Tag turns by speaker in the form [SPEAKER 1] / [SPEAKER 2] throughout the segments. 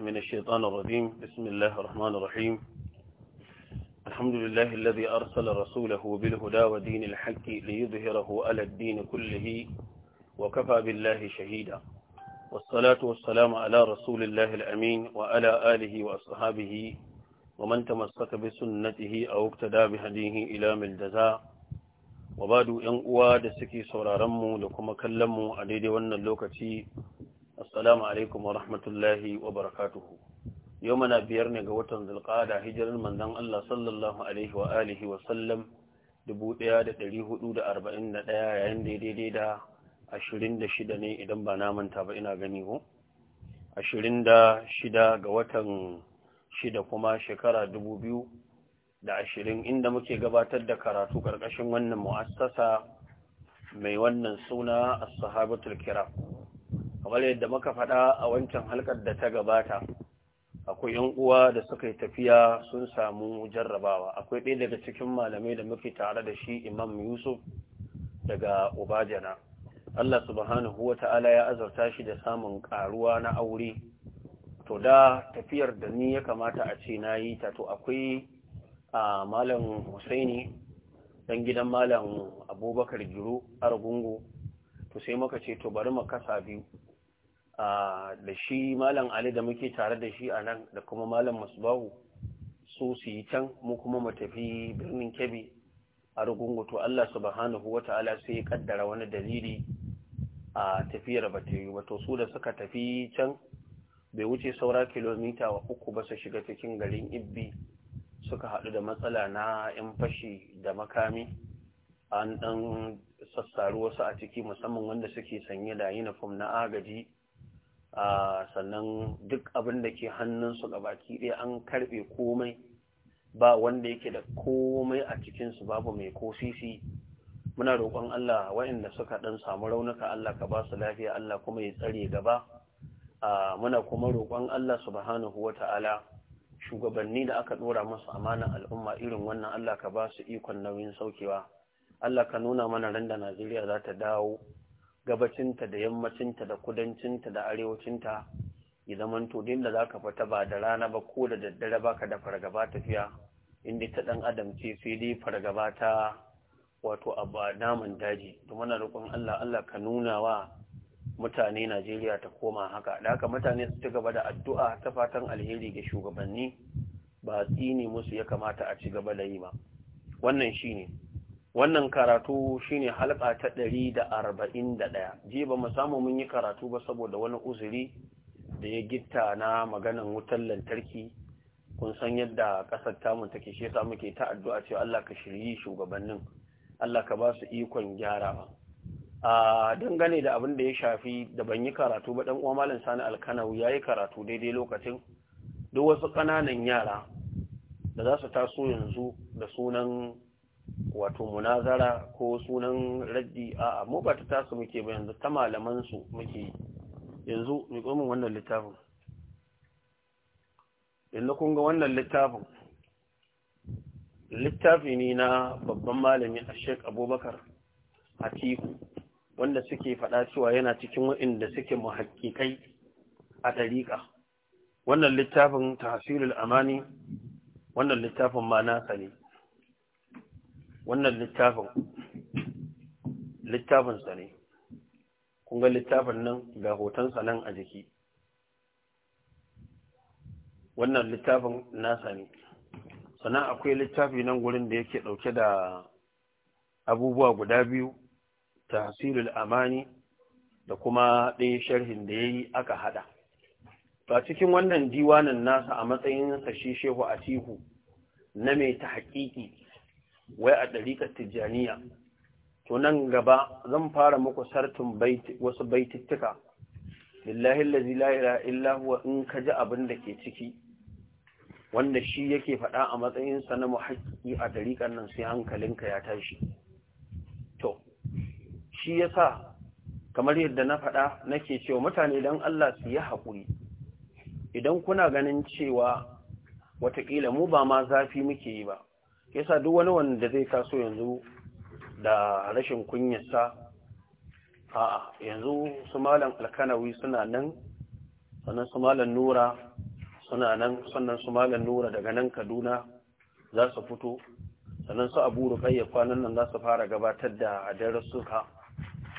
[SPEAKER 1] من الشيطان الرجيم بسم الله الرحمن الرحيم الحمد لله الذي أرسل رسوله بالهدى ودين الحق ليظهره على الدين كله وكفى بالله شهيدا والصلاة والسلام على رسول الله الأمين وعلى آله وأصحابه ومن تمسك بسنته أو اقتدى بهديه إلى ملجزاء وبعد أن أواد سكي صرارمو لكم كلمو عليه ون اللوكتي Assalamu alaikum wa rahmatullahi wa barakatuhu. Yau mana biyar ne ga watan zulƙada hijirar manzon Allah sallallahu alaihi wa alihi wa sallam 1441 yayin da daidai da 26 ne idan ba na manta ba ina gani ko. 26 ga watan shida kuma shekara 2020 inda muke gabatar da karatu karkashin wannan mu'assasa mai wannan suna as-sahabatul kiram. kamar yadda muka faɗa a wancan halkar da ta gabata akwai yan uwa da suka yi tafiya sun samu jarrabawa akwai ɗaya daga cikin malamai da muke tare da shi imam yusuf daga ubajana allah subhanahu wa ta'ala ya azarta shi da samun ƙaruwa na aure to da tafiyar da ni ya kamata a ce na yi ta to akwai a malam husaini dan gidan malam abubakar giro argungu to sai muka ce to bari mu kasa biyu da shi malam ali da muke tare da shi a nan da kuma malam masubahu su su yi can mu kuma mu tafi birnin kebe a to Allah subhanahu wa ta'ala sai ya kaddara wani dalili a tafiyar ba ta wato su da suka tafi can bai wuce saura kilomita wa uku ba su shiga cikin garin ibbi suka haɗu da matsala na 'yan fashi da makami an ɗan sassaru wasu a ciki musamman wanda suke sanye da uniform na agaji sannan duk abin da ke hannunsu gabaki ɗaya an karɓe komai ba wanda yake da komai a cikinsu babu mai ko muna roƙon Allah waɗanda suka ɗan samu raunuka Allah ka ba su lafiya Allah kuma ya tsare gaba muna kuma roƙon Allah subhanahu ta'ala shugabanni da aka ɗora masu amanan al'umma irin wannan Allah ka ba su ikon nauyin saukewa Allah ka nuna mana randa Najeriya za ta dawo gabacinta da yammacinta da kudancinta da arewacinta ya zaman to din da zaka fita ba da rana ba ko da daddare baka da fargaba tafiya inda ta dan adam ce sai dai fargaba ta wato abba namun daji to muna roƙon Allah Allah ka nuna wa mutane Najeriya ta koma haka da haka mutane su ci gaba da addu'a ta fatan alheri ga shugabanni ba tsini musu ya kamata a ci gaba da yi ba wannan shine wannan karatu shine halka ta ɗari da arba'in da ɗaya. jiya ba mu samu mun yi karatu ba saboda wani uzuri da ya gitta na maganan wutar lantarki kun san yadda ƙasar tamu take shi yasa muke ta addu'a cewa Allah ka shiryi shugabannin Allah ka ba su ikon gyarawa a dangane da abin da ya shafi da ban yi karatu ba dan uwa malam Sani ya yayi karatu daidai lokacin duk wasu ƙananan yara da za su taso yanzu da sunan wato munazara ko sunan raddi a mu ba ta tasu muke ba yanzu ta malaman su muke yanzu mu komin wannan littafin yanzu kun ga wannan littafin littafi ne na babban malami a Sheikh Abubakar Atiku wanda suke faɗa cewa yana cikin waɗanda suke muhakkikai a ɗariƙa wannan littafin tahsilul amani wannan littafin ma nasa ne wannan littafin sa ne kun ga littafin nan ga hotonsa nan a jiki wannan littafin nasa ne sannan akwai littafi nan gurin da yake dauke da abubuwa guda biyu tahsilul amani da kuma ɗaya sharhin da ya yi aka haɗa a cikin wannan diwanan nasa a sa shi shehu atiku na mai ta haƙiƙi wai a ɗariƙar tijjaniya to nan gaba zan fara muku sartin wasu baitittuka lillahi allazi la'ira illa huwa in ka ji abin da ke ciki wanda shi yake faɗa a matsayinsa na muhakki a ɗarikar nan sai hankalinka ya tashi to shi ya sa kamar yadda na faɗa nake cewa mutane don Allah su yi haƙuri idan kuna ganin cewa watakila mu ba ma zafi muke yi ba yasa duk wani wanda zai taso yanzu da rashin kunyarsa a'a yanzu su malam alkanawi suna nan sannan su malam nura suna nan sannan su malam nura daga nan kaduna za su fito sannan su abu kwanan nan za su fara gabatar da darussuka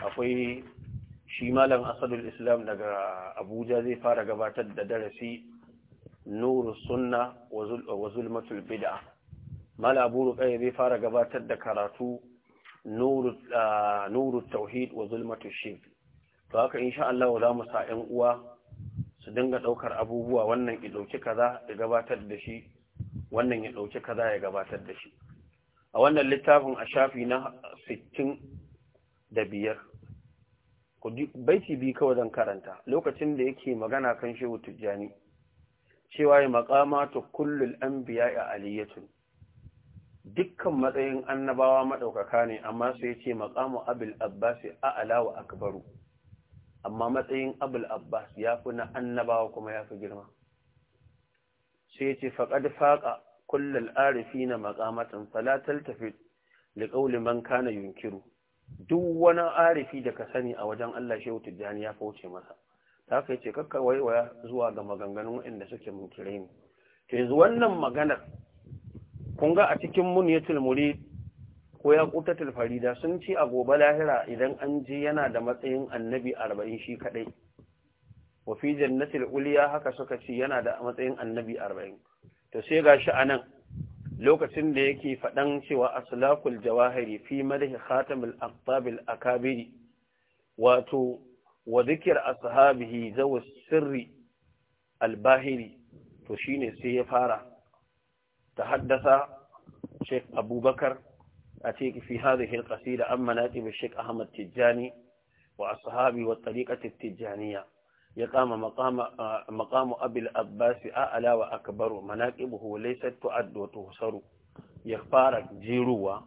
[SPEAKER 1] akwai shi malam asadul islam daga abuja zai fara gabatar da darasi nuru sunna wa zulmatul bid'a buru ya zai fara gabatar da karatu nuru tauhid wa zulmatu shirk to haka insha Allah za mu sa ƴan uwa su dinga ɗaukar abubuwa wannan ki dauki kaza ya gabatar da shi wannan ya dauki kaza ya gabatar da shi a wannan littafin a shafi na 60 da biyar baiti bi kawai zan karanta lokacin da yake magana kan shehu tijjani cewa ya maqamatu kullul anbiya'i aliyatun dukkan matsayin annabawa maɗaukaka ne amma sai ce maƙamu abul abbas a wa akbaru amma matsayin abul abbas ya fi na annabawa kuma ya fi girma sai ce faƙad faƙa kullal arifi na maƙamatan falatal tafi liƙauli man kana yunkiru duk wani arifi da ka sani a wajen Allah shehu tijjani ya fauce masa ta kai ce kakka waiwaya zuwa ga maganganun waɗanda suke munkirai ne yanzu wannan maganar kun ga a cikin muniyatul murid ko ya kutatul farida sun ce a gobe lahira idan an je yana da matsayin annabi arba'in shi kaɗai wa fi jannatil uliya haka suka ce yana da matsayin annabi arba'in to sai gashi anan lokacin da yake faɗan cewa aslakul jawahiri fi madhi khatamul aqtabil akabiri wato wa dhikr ashabihi zawas sirri albahiri to shine sai ya fara تحدث شيخ أبو بكر أتيك في هذه القصيدة عن مناكب الشيخ أحمد تجاني وأصحابي والطريقة التجانية يقام مقام مقام أبي الأباس أعلى وأكبر مناقبه ليست تعد وتهسر يخبارك جيروا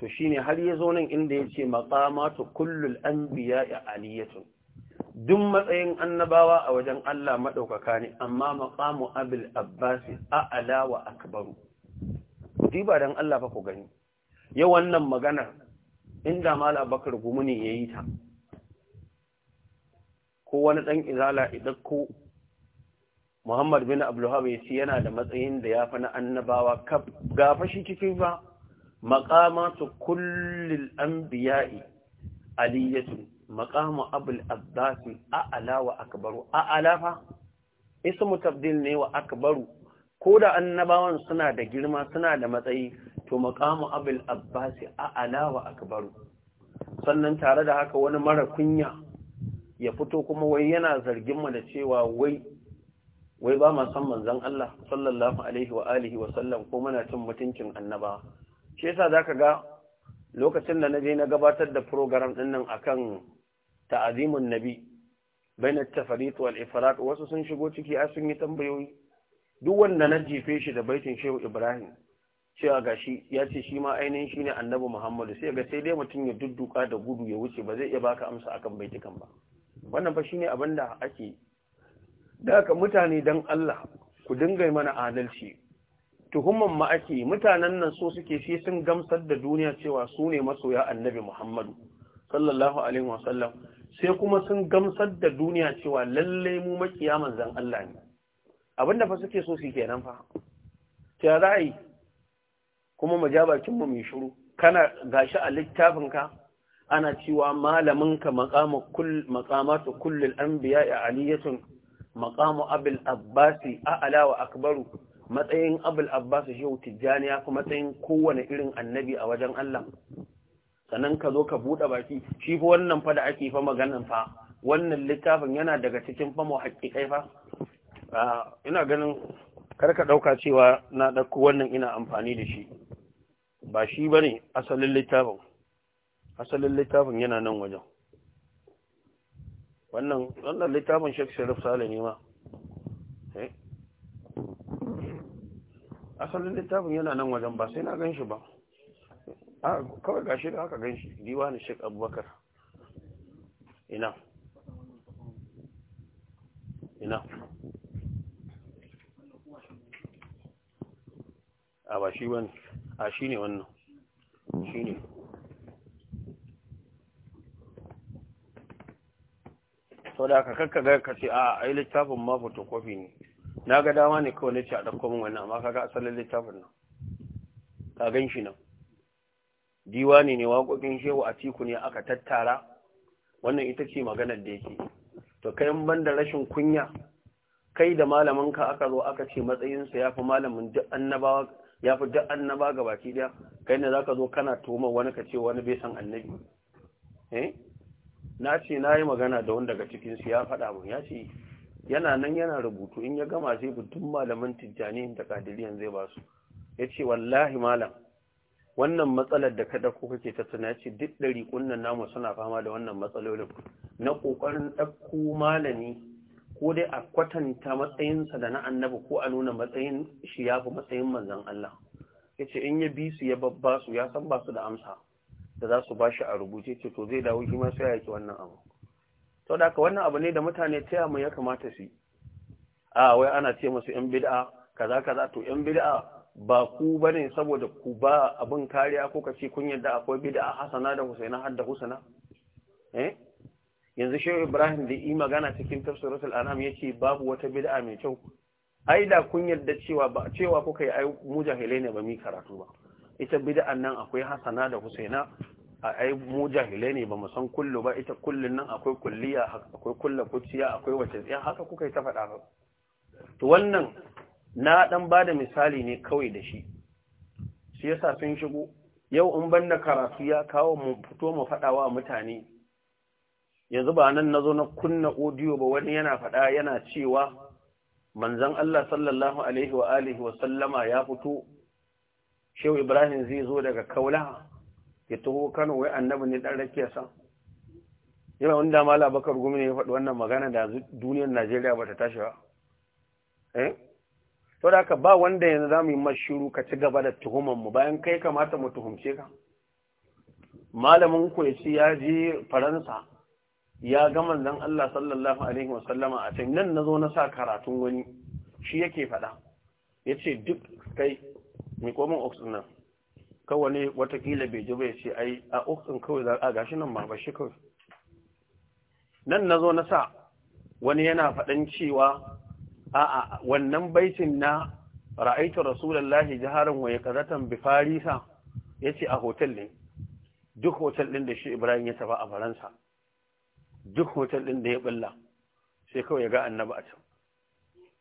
[SPEAKER 1] تشيني هل har إن ديشي مقامات كل الأنبياء عالية duk matsayin annabawa a wajen Allah maɗaukaka ne amma maƙamu abil abbasi a'ala wa akbaru diba don Allah fa ku gani yau wannan maganar inda mal Bakar gumuni ya yi ta ko wani ɗan izala idan ko Muhammad bin Abdullahi ya ce yana da matsayin da ya fi na annabawa gafa shi cikin ba maƙamatu kullil anbiya'i aliyatun maqamu abul abbasi a'ala wa akbaru A alafa ismu tabdil ne wa akbaru ko da annabawan suna da girma suna da matsayi to maqamu abul abbasi a'ala wa akbaru sannan tare da haka wani mara kunya ya fito kuma wai yana zargin mu da cewa wai wai ba ma san manzon Allah sallallahu alaihi wa alihi wa sallam ko muna cin mutuncin annaba shi yasa zaka ga lokacin da na je na gabatar da program ɗin nan kan ta'azimun nabi bai na tafarit wal ifrat wasu sun shigo ciki a sun yi tambayoyi duk wanda na jefe shi da baitin Shehu Ibrahim cewa gashi ya ce shi ma ainihin shi ne Annabi Muhammadu sai ga sai dai mutum ya dudduka da gudu ya wuce ba zai iya baka amsa akan baitukan ba wannan fa ne abin da ake da daka mutane dan Allah ku dinga mana adalci tuhumman ma ake mutanen nan so suke shi sun gamsar da duniya cewa su ne masoya annabi Muhammadu sallallahu alaihi wasallam sai kuma sun gamsar da duniya cewa lalle mu makiya manzon Allah ne abinda fa suke so su kenan fa ta ra'ayi kuma mu ja bakin mu mai shiru kana gashi a littafin ka ana cewa malamin ka maqamu kull maqamatu kullil anbiya'i aliyatun maqamu abil abbasi a alawa akbaru matsayin abul abbas shehu tijjani ya fi matsayin kowane irin annabi a wajen Allah sannan ka zo ka buɗe baki shi fa wannan fa da ake fa maganan fa wannan littafin yana daga cikin fa mu haƙiƙai fa ina ganin kar ka ɗauka cewa na ɗauko wannan ina amfani da shi ba shi bane asalin littafin asalin littafin yana nan wajen wannan wannan littafin shek Sharif Sale ne ma eh, asalin littafin yana nan wajen ba sai na gan shi ba kawai gashi da haka gan shi ne shek abubakar ina ina a ba shi wani a shi ne wannan shi ne sau da aka kakka ga kace a ailittafin littafin kofi ne na ga dama ne kawai na a ɗauko min wannan amma kaga asalin littafin nan ka gan shi nan diwani ne waƙoƙin shehu a tiku ne aka tattara wannan ita ce maganar da yake to kai ban da rashin kunya kai da malaminka aka zo aka ce matsayinsa ya fi malamin duk annabawa ya fi duk annaba ga baki ɗaya kai ne za ka zo kana tuhumar wani ka ce wani bai san annabi eh na ce na yi magana da wanda daga cikinsu ya faɗa mun ya ce yana nan yana rubutu in ya gama sai duk malaman tijjani da kadiriyan zai ba su ya ce wallahi malam wannan matsalar da kada ko kake tattauna ce duk ɗari kunnan namu suna fama da wannan matsalolin na ƙoƙarin ɗauko malami ko dai a kwatanta matsayinsa da na annabi ko a nuna matsayin shi ya fi matsayin manzan Allah ya ce in ya bi su ya babba su ya san ba su da amsa da za su ba shi a rubuce ce to zai dawo shi ma sai ya yaki wannan abu sau da wannan abu ne da mutane taya mu ya kamata shi? a wai ana ce masu ‘yan bid'a kaza kaza to ‘yan bid'a ba ku ba ne saboda ku ba abin kariya ko kace kun yadda akwai bid'a hasana da husaina har da husana eh yanzu shehu ibrahim da yi magana cikin tafsiratul anam ce babu wata bid'a mai kyau ai da kun yadda cewa ba cewa kuka yi ai mujahilai ne ba mi karatu ba ita bid'an nan akwai hasana da husaina ai mu jahilai ne ba mu san kullu ba ita kullun nan akwai kulliya akwai kulla kuciya akwai wace tsiya haka kuka yi ta faɗa ba to wannan na dan bada misali ne kawai da shi shi yasa sun shigo yau in banda karatu ya kawo mu fito mu faɗawa mutane yanzu ba nan zo na kunna audio ba wani yana faɗa yana cewa manzon Allah sallallahu alaihi wa alihi wa sallama ya fito Shehu Ibrahim zai zo daga Kaulaha ya taho kano wai annabi ne dan sa yana wani dama labakar gumi ne ya faɗi wannan magana da duniyar najeriya ba ta tashi ba eh? to da haka ba wanda yanzu za mu yi mashiru ka ci gaba da tuhumar mu bayan kai kamata mu tuhumce ka malamin ku ya ci ya je faransa ya ga manzon Allah sallallahu alaihi wa sallama a can nan nazo na sa karatun wani shi yake faɗa yace duk kai mai komin oxygen kawane watakila bai jube sai ce ai a ukun kawai za a gashi nan ma ba shi kawai nan na zo na sa wani yana faɗan cewa a'a wannan baitin na ra'aitu rasulullahi jaharan waye kazatan bi farisa yace a hotel ne duk hotel din da shi Ibrahim ya tafi a Faransa duk hotel din da ya bulla sai kawai ya ga annabi a can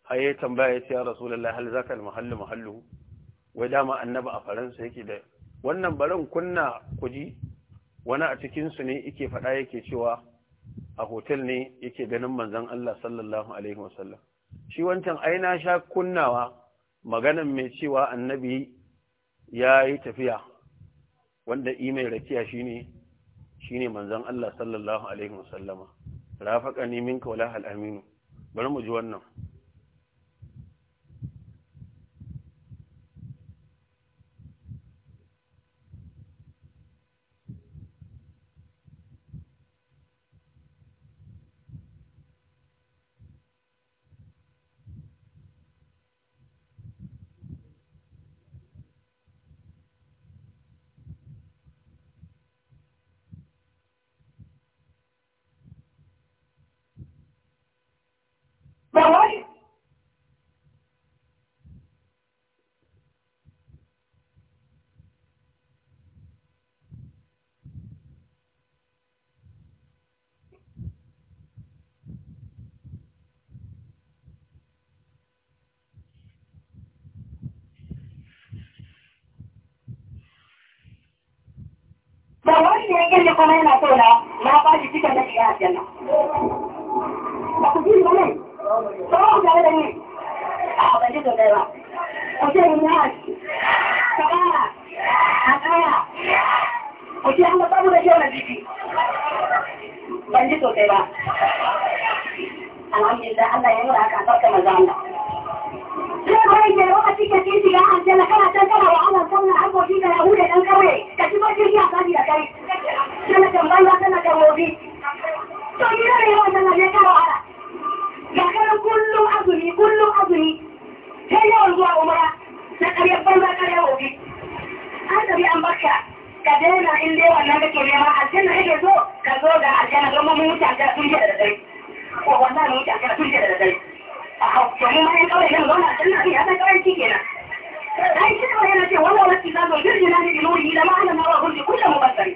[SPEAKER 1] har ya tambaya yace ya rasulullahi hal zaka al mahallu mahallu wai dama annabi a Faransa yake da wannan barin kunna kuji wani a cikinsu ne yake faɗa yake cewa a hotel ne yake ganin manzan Allah sallallahu Alaihi wasallam. Shi wancan aina sha kunnawa maganan mai cewa annabi ya yi tafiya wanda imai rakiya shine shine manzan Allah sallallahu Alaihi wasallama. Rafaka minka wala bari mu ji wannan.
[SPEAKER 2] shi kuma yana so na na ba cikin da shiga aljanna ba ku ji ba ne sauran ku tare da ni a ban ji sosai ba ku ce ni na ka ƙara a ƙara ku ce an ga da kyau na jiki ban ji sosai ba alhamdulillah Allah ya nuna haka a tsarkar maza Allah sai kawai ke lokaci ka ci shiga aljanna kana can kana wa Allah sannan harkoki da yahu da ɗan kawai ka ci ba shi a sani da kai tana kan banza tana kan mobi to gida ne yawan sallah ne kama ga kana kullum azumi kullum azumi zuwa na banza an an ka daina in dai wannan kake nema aljanna so ka zo aljanna mun wuce aljanna tun jiya da ko wuce aljanna tun jiya da dare a hauke mu mai kawai nan zauna aljanna ne kenan ai shi da yana ce wallahi wacce za zo jirgin na ne da da ma'ana ma wa gurbi mu mubassari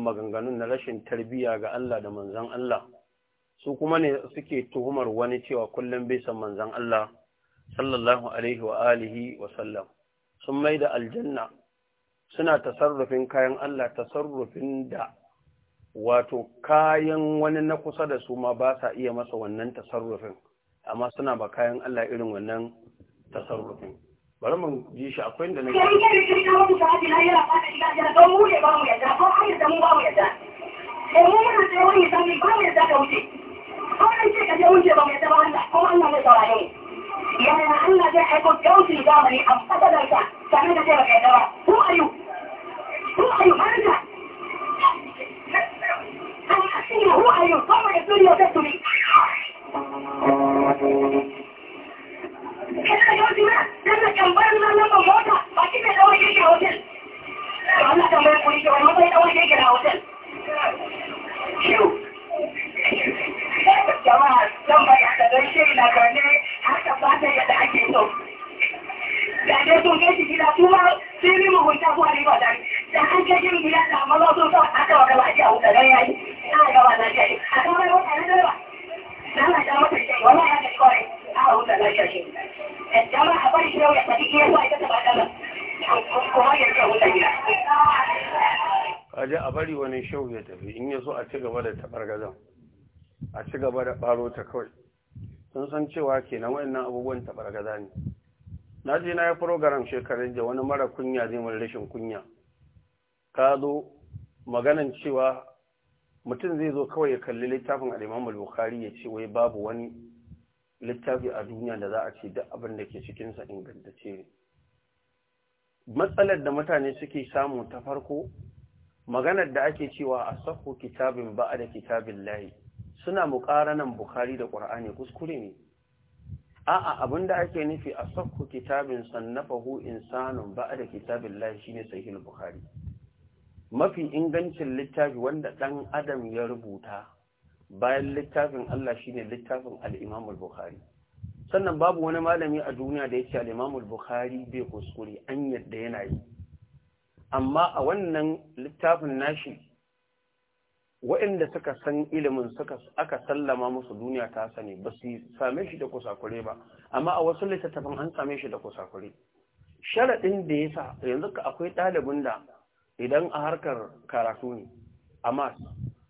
[SPEAKER 1] waɗannan maganganun na rashin tarbiyya ga Allah da manzan Allah su kuma ne suke tuhumar wani cewa kullum bai san manzan Allah sallallahu alaihi wa alihi wa sallam sun mai da aljanna suna tasarrufin kayan Allah tasarrufin da wato kayan wani na kusa da su ma ba sa iya masa wannan tasarrufin amma suna ba kayan Allah irin wannan tasarrufin bari mu ji shi akwai da nake
[SPEAKER 2] wani sanyi ko ne za ka ko ce ka je wuce ba mai zama Allah ko Allah zai saurare ni yaya Allah zai aiko gausi zamani a a
[SPEAKER 1] a bari wani shau ya tafi in ya so a ci gaba da tabargazan a ci gaba da ɓaro ta kawai sun san cewa kenan waɗannan abubuwan tabargaza ne na je na yi program shekarun da wani mara kunya zai mai rashin kunya ka zo maganan cewa mutum zai zo kawai ya kalli littafin al'imamul bukhari ya ce wai babu wani littafi a duniya da za a ce duk abin da ke cikinsa ingantacce ne matsalar da mutane suke samu ta farko maganar da ake cewa a sako kitabin ba'a da kitabin layi suna muƙaranan bukari da ƙwar'ani kuskure ne a'a abin da ake nufi a sako kitabin sannafahu insanun ba'a da kitabin layi shine sahih bukari mafi ingancin littafi wanda ɗan adam ya rubuta bayan littafin Allah shine littafin al'imamul bukari, sannan babu wani malami a duniya da yake ce bukari bai kuskure an yadda yana yi amma a wannan littafin nashi waɗanda suka san ilimin suka aka sallama musu duniya ta sani ba su same shi da kusakure ba amma a wasu littattafan an same shi da kusakure sharaɗin da ya sa yanzu ka akwai ɗalibin da idan a harkar karatu ne a mas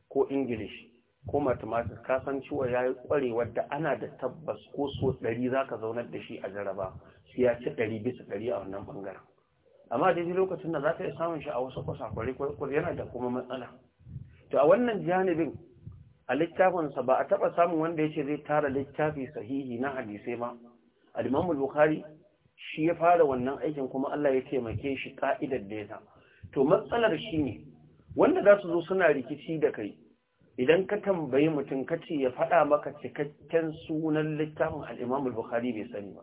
[SPEAKER 1] ko ingilishi ko mathematics ka san ciwo ya yi kwarewar da ana da tabbas ko so ɗari za ka zaunar da shi a jaraba su ya ci ɗari bisa ɗari a wannan ɓangaren amma daidai lokacin da za ka iya samun shi a wasu kwasakwari kwakwar yana da kuma matsala to a wannan janibin a littafinsa ba a taɓa samun wanda ya ce zai tara littafi sahihi na hadisai ba alimamul bukhari shi ya fara wannan aikin kuma Allah ya taimake shi ƙa'idar da ya to matsalar shi ne wanda za su zo suna rikici da kai idan ka tambayi mutum ka ce ya faɗa maka cikakken sunan littafin al'imamul bukhari bai sani ba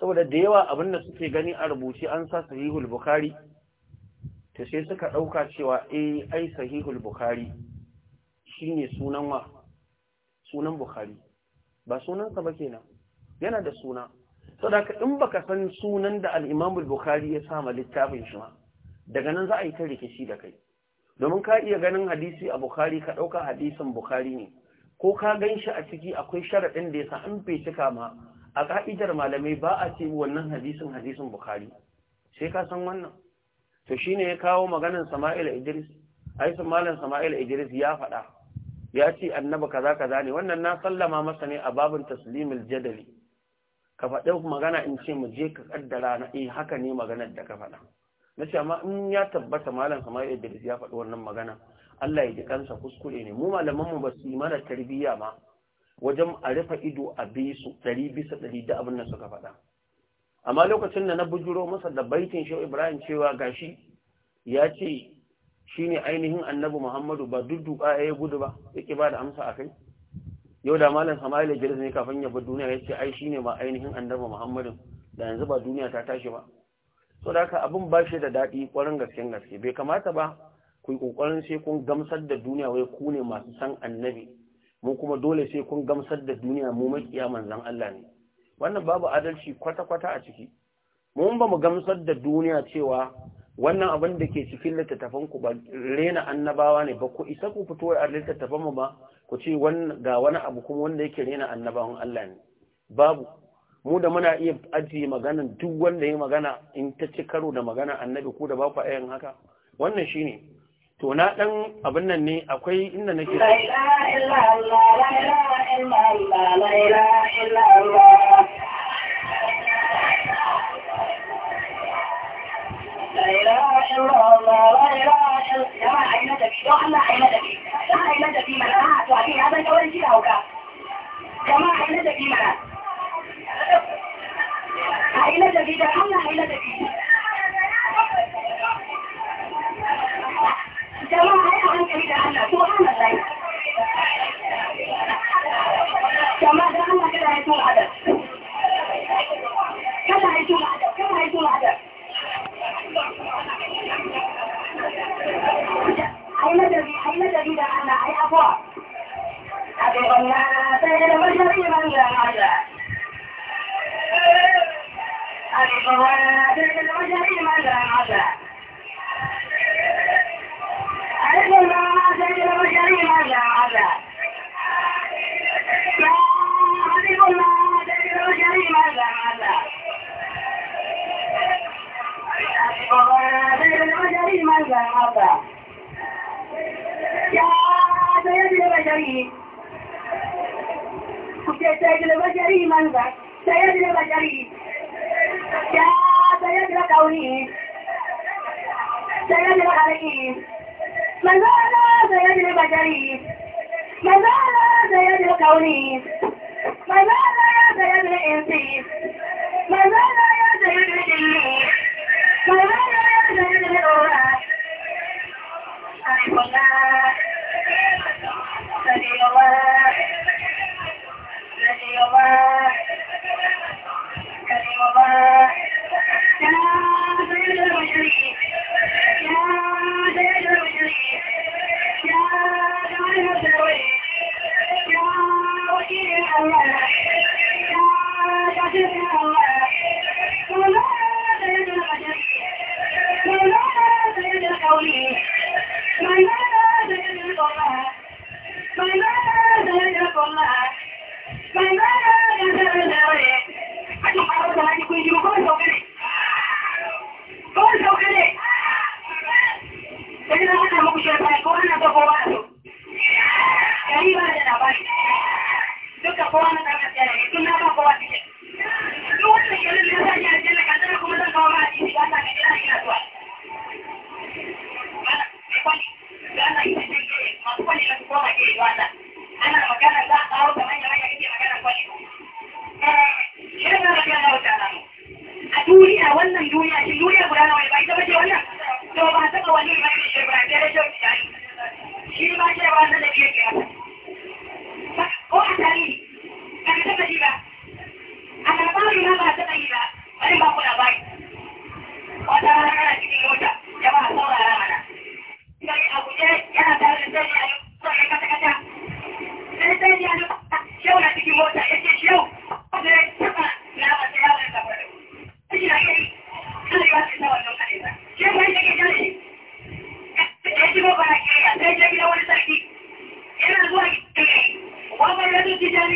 [SPEAKER 1] saboda da yawa abin da suke gani a rubuce an sa sahihul bukhari to sai suka ɗauka cewa eh ai sahihul bukhari shine sunan wa sunan bukhari ba sunansa ba kenan yana da suna saboda in baka san sunan da al-Imam bukhari ya sama littafin shi ma daga nan za a yi ta rikici da kai domin ka iya ganin hadisi a Bukhari ka ɗauka hadisin Bukhari ne ko ka ganshi a ciki akwai sharaɗin da yasa an bai cika ma a ka'idar malamai ba a ce wannan hadisin hadisin bukhari sai ka san wannan to shine ya kawo maganar sama'il idris ai malam sama'il idris ya faɗa ya ce annaba kaza kaza ne wannan na sallama masa ne a babin taslimin jadali ka faɗi magana in ce mu je ka kaddara na eh haka ne maganar da ka faɗa na ce amma in ya tabbata malam sama'il idris ya faɗi wannan magana Allah ya ji kansa kuskure ne mu malaman mu ba su yi mana tarbiyya ma wajen a rufe ido a bi su ɗari bisa ɗari da abin da suka faɗa amma lokacin da na bujuro masa da baitin shi ibrahim cewa gashi ya ce shi ainihin annabi muhammadu ba duk duka ya gudu ba yake ba da amsa a kai yau da malam Samuel idris ne kafin ya bi duniya ya ce ai shine ma ainihin annabi muhammadu da yanzu ba duniya ta tashi ba so da haka abin ba shi da daɗi ƙwarin gasken gaske bai kamata ba ku yi ƙoƙarin sai kun gamsar da duniya wai ku ne masu san annabi mu kuma dole sai kun gamsar da duniya mu makiya manzan Allah ne wannan babu adalci kwata-kwata a ciki mun ba mu gamsar da duniya cewa wannan abin da ke cikin littattafan ku ba rena annabawa ne ba ku isa ku fito a littattafan mu ba ku ce ga wani abu kuma wanda yake rena annabawan Allah ne babu mu da muna iya ajiye magana duk wanda ya magana in ta ci karo da magana annabi ku da ba ku ayyan haka wannan shine to ɗan dan abin nan ne akwai inda nake la
[SPEAKER 2] ilaha illallah la ilaha illallah la ilaha illallah la ilaha illallah
[SPEAKER 3] la ilaha illallah la ilaha illallah la ilaha illallah la ilaha illallah la ilaha illallah la ilaha illallah la ilaha illallah la ilaha illallah la ilaha illallah la ilaha illallah la ilaha illallah la ilaha illallah la ilaha
[SPEAKER 2] illallah la ilaha illallah la jama'a ya hankali da Allah ko hana lai jama'a da Allah kada ya tun adab kada ya tun adab kada ya tun adab ai madadi ai madadi da Allah ai abuwa abin wannan sai da majalisar iman da Allah abin wannan sai da majalisar iman da Allah Saya tidak baca ini. Ya, saya tidak tahu ini. Saya tidak ada ini. Masalah saya tidak baca ini. saya tidak tahu ini. Masalah saya tidak insi. Masalah saya tidak ini. Masalah saya tidak orang. Terima kasih.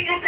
[SPEAKER 2] Thank you.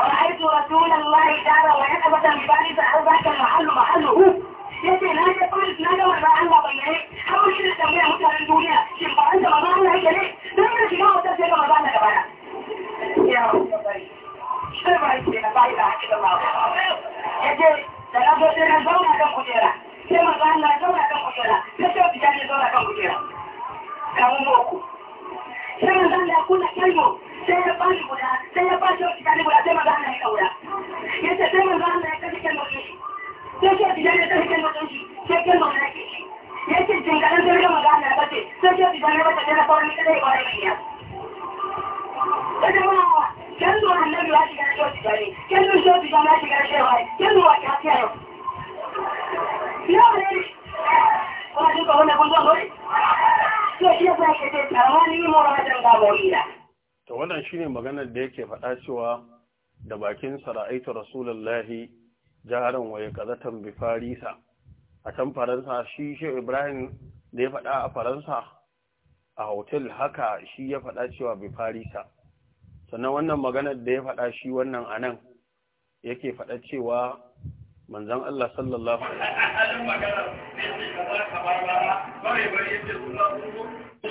[SPEAKER 2] رأيت رسول الله تعالى وعقبة ببالي فأو ذاك المحل محله يتي لا تقول لا دور ما الله بيني حاول كده تسميها مثلا الدنيا شمبا انت ما الله هي ليه دايما شماء وتسميها ما بعنا كمان يا رب شو رأيك يا باي باي كده ما يجي لا دور تنا دور كم كتيرة كما بعنا دور كم كتيرة لسه بتجي دور كم كتيرة كم موكو كما بعنا كنا كلمه s a ya bashi guda sai ya bashi wata kare guda sai maza Allah ya kaura yace sai maza Allah ya kashe kan mutum shi sai shi tijan ya kashe kan mutum shi sai kan mutum yake shi yace jingaran sai maza Allah ya bace sai shi tijan ya bace na kawai kada ya bare mai ya kada ma kenzo annabi ya shiga shi tijani kenzo shi tijan ya shiga shi wai kenzo wa ta tiya yau yau ne wannan kun zo ne to shi ya sa ke ce tarawani mu rawajan gabo ila
[SPEAKER 1] to wannan shine maganar da yake faɗa cewa da bakin sara'aitu rasulullahi jaharan waye kazatan bi farisa a can faransa shi shi ibrahim da ya faɗa a faransa a hotel haka shi ya faɗa cewa bi farisa sannan wannan maganar da ya faɗa shi wannan anan yake faɗa cewa manzon Allah sallallahu
[SPEAKER 3] alaihi wasallam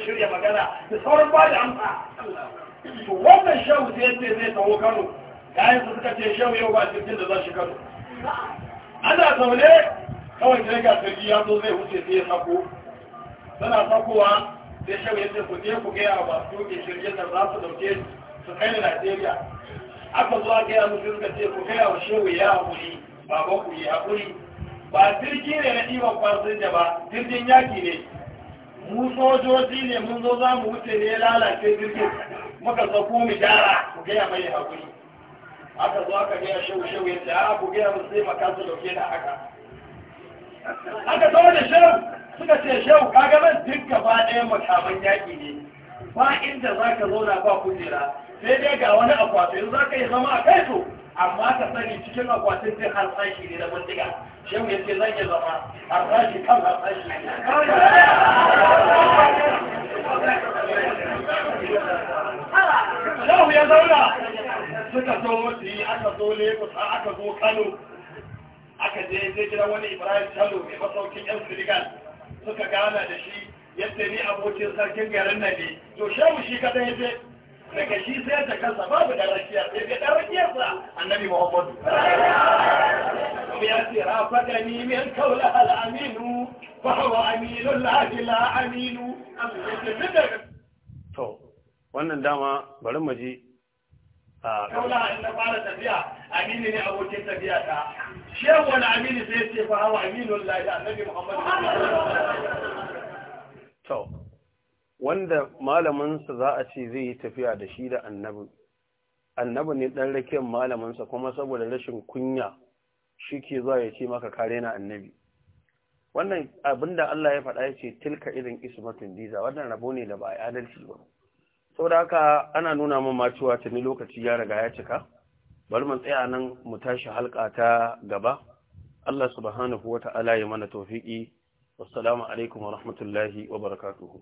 [SPEAKER 3] shirya magana da ba amsa to wannan shehu sai ce zai taho Kano yayin su suka ce shehu yau ba cikin da za shi Kano ana zaune kawai sai a turki ya zo zai wuce sai ya sako Suna sakowa sai shehu ce ku je ku gaya ba su ke shirye da za su dauke su kai Najeriya aka zo aka yi musu suka ce ku gaya wa shehu ya hakuri baba ku yi hakuri ba turki ne na ɗiban da ba jirgin yaki ne mu sojoji ne mun zo za mu wuce ne lalace jirgin muka zo ku mu gyara ku gaya mai hakuri aka zo aka gaya shau shau ya ce a ah, ku gaya mu sai maka su dauke da haka aka zo da shau suka ce shehu kaga nan duk gaba ɗaya makaman yaƙi ne ba inda za ka zauna ba kujera sai dai ga wani akwati yanzu za ka yi zama a kai to amma ka sani cikin akwatin sai har sashi ne da bindiga shau ya ce zan yi zama har sashi kan har sashi ne shehu ya zauna suka zo mutu aka zo lagos aka zo kano aka je zai gidan wani ibrahim kano mai masaukin yan senegal suka gana da shi yadda ni abokin sarkin garin nan ne to shehu shi kadai ya je daga shi sai da kansa babu da rakiya sai da dan rakiyarsa annabi muhammadu ya ce rafaqani min qawla al aminu fa huwa aminu la ilaha aminu amma yake
[SPEAKER 1] wannan dama bari mu ji a kaula
[SPEAKER 3] in na fara tafiya amini ne abokin tafiya ta shehu wani amini sai ce fa hawa Aminu lillahi annabi muhammad
[SPEAKER 1] to wanda malaminsa za a ce zai yi tafiya da shi da annabi annabi ne dan rakiyar malaminsa kuma saboda rashin kunya shi ke zuwa ya ce maka kare na annabi wannan abinda Allah ya faɗa ya ce tilka irin ismatun diza wannan rabo ne da ba a adalci ba saboda haka ana nuna min ma cewa tuni lokaci ya riga ya cika bari mu tsaya nan mu tashi halka ta gaba Allah subhanahu wata'ala ya mana tawfiki wassalamu alaikum wa rahmatullahi wa barakatuhu